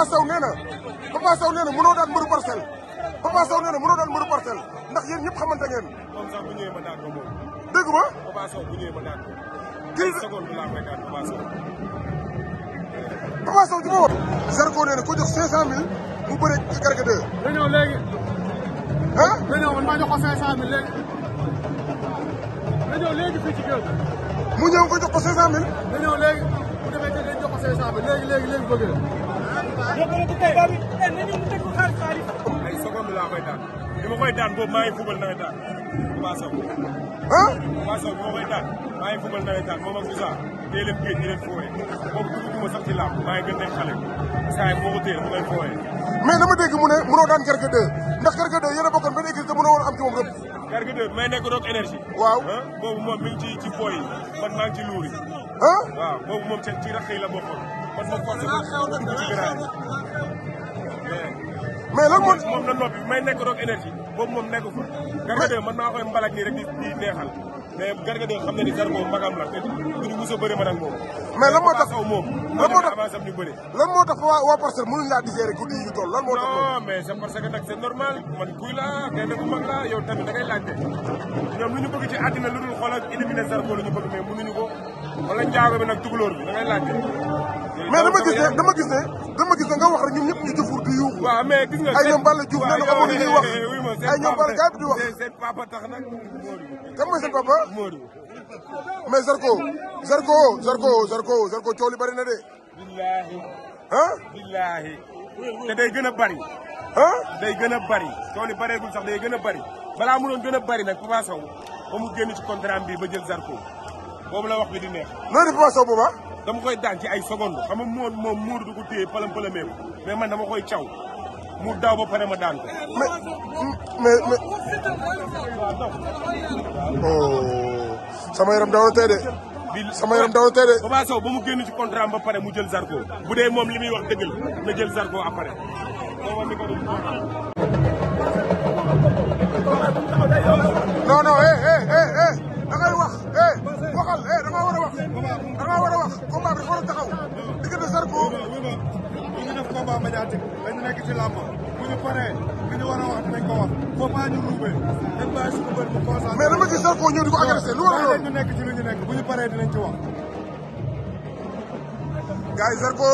Papa Sow nee na Papa Sow nee parcelle Papa Sow nee na mënoo daan mbëru parcelle ndax yéen ñëpp xamante ngeen. moom Papa Sow bu ñëwee ma ko. kii ko jox 500000 mu bëre ci Garga 2. nga ñëw léegi. ah nga ñëw man jox ko 500000 léegi. nga ñëw léegi fii ci kër mu ñëw ko jox ko 500000 ay seconde laa koy daan bi ma daan boobu maa ngi fubal nawet daan Papa Sow. ah Papa Sow bi ma daan maa ngi fubal nawet daan moom ak Moussa teel a géej ñu leen fooyee boobu dugub ma sax ci làmb maa ngi gën nekk xale saa yi boo ko téye dafa lay fooyee. mais dama mu ne mënoo daan Garga 2 ndax Garga 2 yéen a bokkoon benn équipe te mënoo woon am ci moom rëpp. Garga 2 may nekk roog énergie. waaw ah boobu moom mi ci ci fooy man maa ci luur yi. waaw boobu la mais lan moo moom na noppi may nekk roog boobu moom nekk fa. Garga 2 man maa koy mbalak nii rek neexal mais Garga xam na ni Zarko magam la te duñu mos a bëre man ak moom. mais lan moo tax moom lan moo tax avance am di bëre. guddi yi ñu toll moo tax. non mais c'est parce que nag c'est normal man kuy laa kenn ku mag laa yow tamit da ngay laajte ñoom lu ñu bëgg ci àddina lu dul xoolal éliminer Zarko la ñu bëgg mais mënuñu ko wala njaago bi nag tukulóor bi da ngay laajte. mais dama gis ne dama gis ne dama gis ne nga wax rek ñëpp ñu jëfur di yu wa mais gis nga ay ñoom Balla Diouf nee na xamoon li wax ay ñoom Balla Gaye di wax. seen papa tax nag. kan dama koy daan ci ay secondes xam nga muur moom muur du ko téye palam palamee ko mais man dama koy caw mu daaw ba pare ma daan ko. mais mais mais. oh. sama yaram daaw a de. sama yaram daaw a tey de. Papa Sow ba mu génn ci contrat ba pare mu jël Zarko bu dee moom li muy wax dëgg la na jël Zarko après. bi paree li ñu war a wax dinañ ko wax ñu lu war ñu nekk ci ñu nekk bu ñu paree dinañ ci wax. gars yi Zarko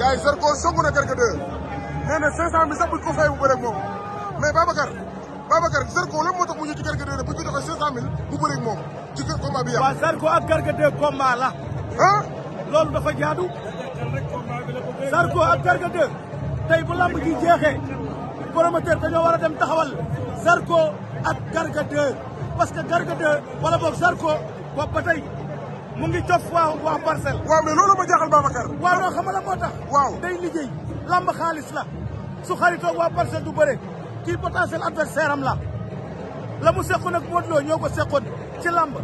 gars yi Zarko song na Garga 2 nee na 500 bi sax buñ ko fay bu bëreeg moom mais Babacar Babacar Zarko lan moo tax mu ñëw ci Garga bu ñu ko joxee bu bëreeg moom ci combat bi yàqu. waaw Zarko ak Garga 2 combat la. ah. loolu dafa jaadu. Zarko ak Garga 2 bu lamb ji promoteur dañoo war a dem taxawal Zarko ak Garga 2 parce que Garga 2 wala boog Zarko boobu ba tey mu ngi cof waaw waa parcelle. waaw mais loolu ma jaaxal Babacar. waaw non xam nga moo tax. day liggéey lamb xaalis la su xaritoog waa parcelle du bëre kii potentiel adversaire am la la mu seqoon ak Modou ñoo ko ci lamb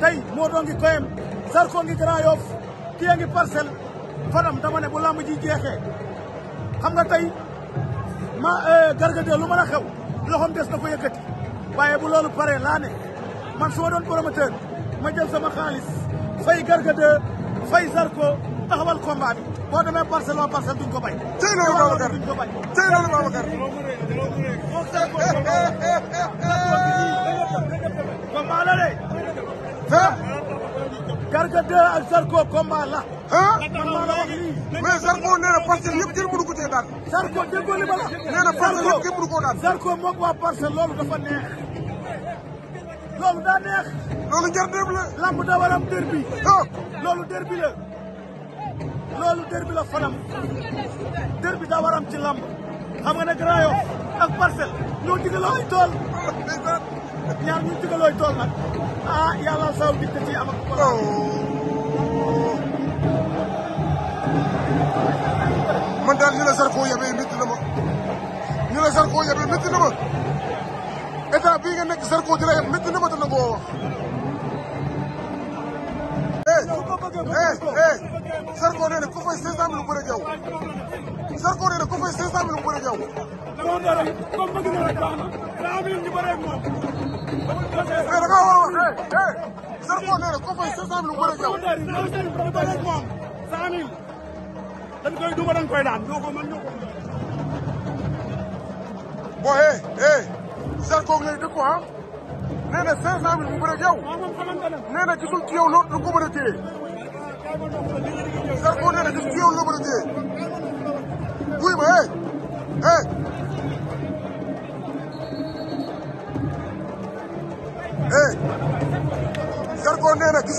tey moo doon ngi koyam Zarko ngi Grand Yoff kii a ngi parcelle fanam dama ne bu lamb ji xam nga tey. ma Garga 2 lu mën a xew loxoom des na ko yëkkati waaye bu loolu pare laa ne man su ma doon promoteur ma jël sama xaalis fay Garga 2 fay Zarko taxawal combat bi boo demee parcelle waa parcelle duñ ko bay. tey loolu Babacar duñ ko bay. tey loolu Babacar. combat la de. Garga 2 ak Zarko combat la. ah mais Zarko nee na parcelle yëpp kenn mënu ko cee daan. Zarko déggoo li ma la. nee na parcelle yëpp kenn mënu koo daan. Zarko moom waa parcelle loolu dafa neex. loolu daa neex. loolu lamb da war derbi. Ah! loolu loolu derbi la fanam. derbi daa war ci lamb. xam nga nag rayon ak parcelle tool. ñaar ñu digaloo ay tool nag ah yàlla saw nit daal ñu la Zarko yabee métti na ma ñu la Zarko yabee métti na ma état bii nga nekk Zarko di la yab métti na ma dana koo na ku eh, fay eh, 500000 mu bëre eh, Zarko nee na ku fay 500000 mu bëre jaww. a wax Zarko nee na ku fay 500000 mu bëre jaww. dañ koy duma dañ koy boo eh eh Zarko ngay dëkku ah nee na 500000 mu bëreeg yow nee gisul ci yow loo lu ko ma eh eh. eh Zarko nee gisul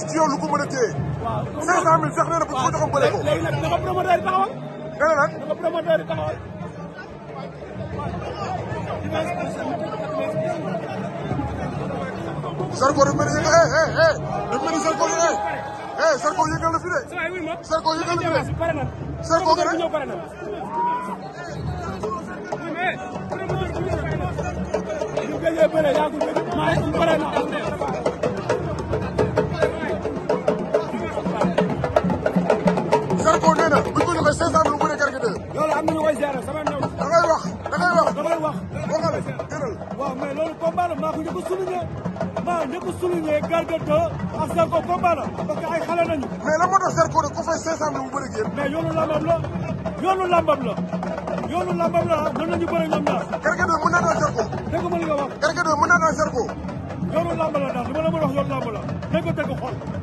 ci yow lu ko 500000 sax nee na bu ko joxoon bële ko. léegi nag dafa promoteur yi taxawal. nee na lan dafa promoteur yi taxawal. Zarko dafa mel ni eh eh eh dafa mel ni Zarko yi eh eh Zarko yëngal na fi de. Zarko yëngal na fi de. Zarko nga de. ñu gëjee bëre yaa ngi bëre maa ngi bëre na. wax waxal tëral waaw mais loolu combat la maa ko a souligné maa njëkk a souligné Garga 2 ak ay xale nañu mais la moo tax Zarko ku fay mu bëri ak yéen lambam la yoonu lambam la yoonu lambam la mën nañu bëri ñoom ñaar mën naa daan Zarko dégg ma li nga wax Garga mën naa daan Zarko yoonu lamb daal li ma la mën wax yoonu ko teg xool